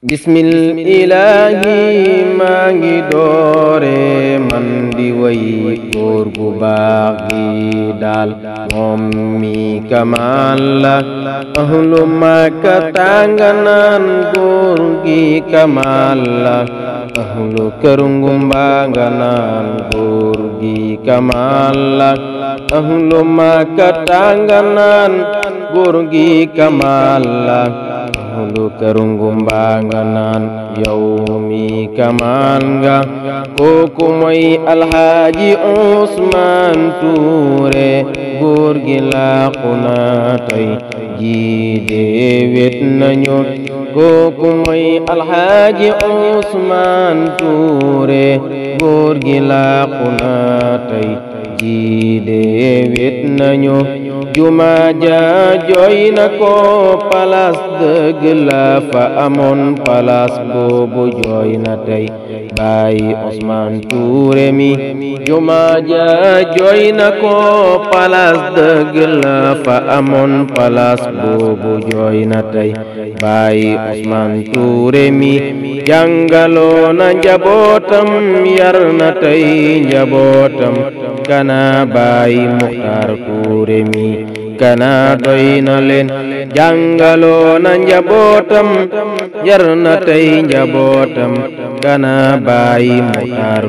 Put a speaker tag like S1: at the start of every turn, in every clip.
S1: bismil ilaahi maa ngi doore man di way góor baax gi daal moom mi kamaal la ahlu maka tànganaan góor gi kamaal la ahlu kër ngumba nga naan góor gi kamaal la ahlu maka tànganaan góor gi kamaal la lu karungu mbaa nga naan yow mi kamaan nga kooku mooy alxaaji Ousmane Touré góor gi làqu na tey nañu kooku gi làqu juma ja jooy na ko palaas dëgg la fa amoon palaas boobu jooy na tey bàyyi Ousmane Touré mi juma ja jooy na ko palaas dëgg la fa amoon palaas boobu jooy na tey bàyyi Ousmane Touré mi jàngaloo njabootam yar na tey njabootam kana bàyyi Muxtaar Touré mi kana doy na leen njabootam yar njabootam kana bàyyi mu taar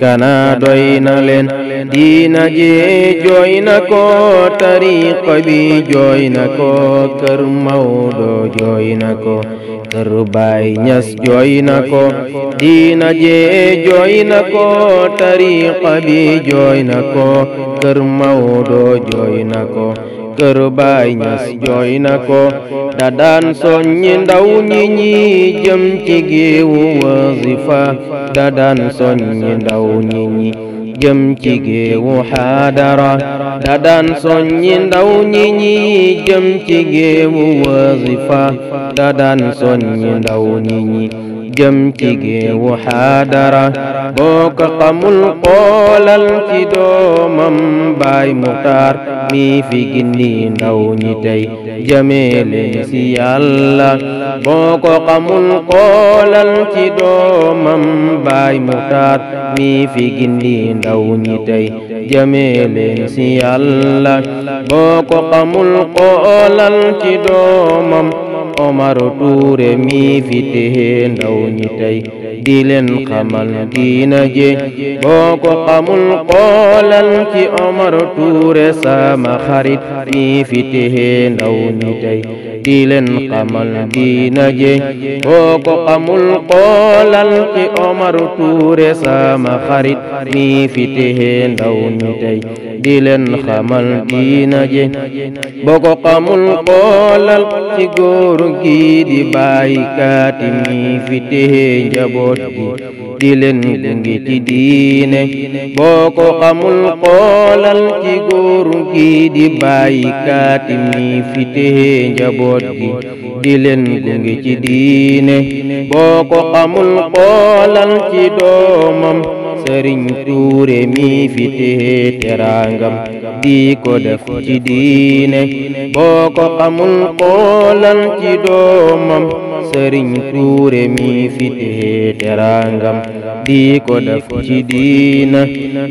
S1: kana doy diina jee jooy na ko tariqa kër Mawdo jooy kër Baay Ñas jooy diina jee jooy na ko tariqa kër Mawdo jooy na ko kër baay ñas jooy na ko da daan soññi ndaw ñi ñi jëm ci géewu wazifa da daan soññi ndaw ñi ñi jëm ci géewu xaadara da daan soññi ndaw ñi ñi jëm ci géewu wazifa da daan soññi ndaw ñi ñi jëm ci géewu xaadara boo ko xamul ci doomam baay muxtaar mi fi gindi ndaw ñi tey jëmeele si yàlla boo ko xamul xoolal ci doomam baay mu taat gindi ndaw ñi tey jëmeele si yàlla boo ko xamul xoolal ci doomam Omar Tuure mi fi ndaw ñi di leen xamal diina ji boo ko xamul xoolal ci Omar Touré sama xarit mi fi ndaw ñi tey xamal diina ji boo ko xamul xoolal ci Omar Touré sama xarit mi fi ndaw ñi di leen xamal diina ji boo ko xamul xoolal ci góor gi di bàyyi kaati mi fi téye njaboot gi di leen ci diine boo ko xamul xoolal ci góor gi di bàyyi fi téye njaboot gi di leen ci diine boo ko xamul xoolal ci doomam sëriñ tuure mi fi téye di ko def boo ko xamul xoolal ci sëriñ tuure mi fi tee teraangam di ko ci diina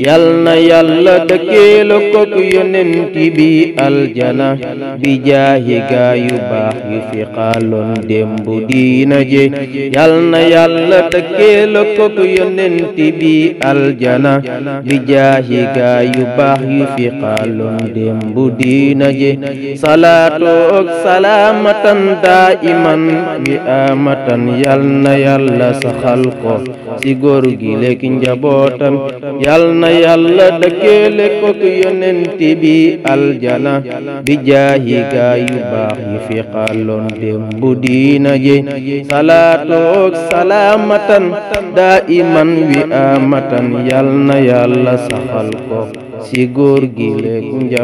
S1: yal na yàlla dëkkeel ko ku yonent bi aljana bi jaahi yu baax yu fi xaaloon démb diina je yal na yàlla dëkkeel ko ku yonent bi aljana bi jaahi yu baax yu fi xaaloon démb diina je salaatu ak salaamatan daa'iman amatan yal na yàlla saxal ko ci góor gi léegi njabootam yal na yàlla dëkkeele ko ki yonent bi aljana bi jaayi baax yi fi xaaloon démb diina ji salaatoog salaamatan daa iman wi amatan yal na yàlla saxal ko ci góor gi léegi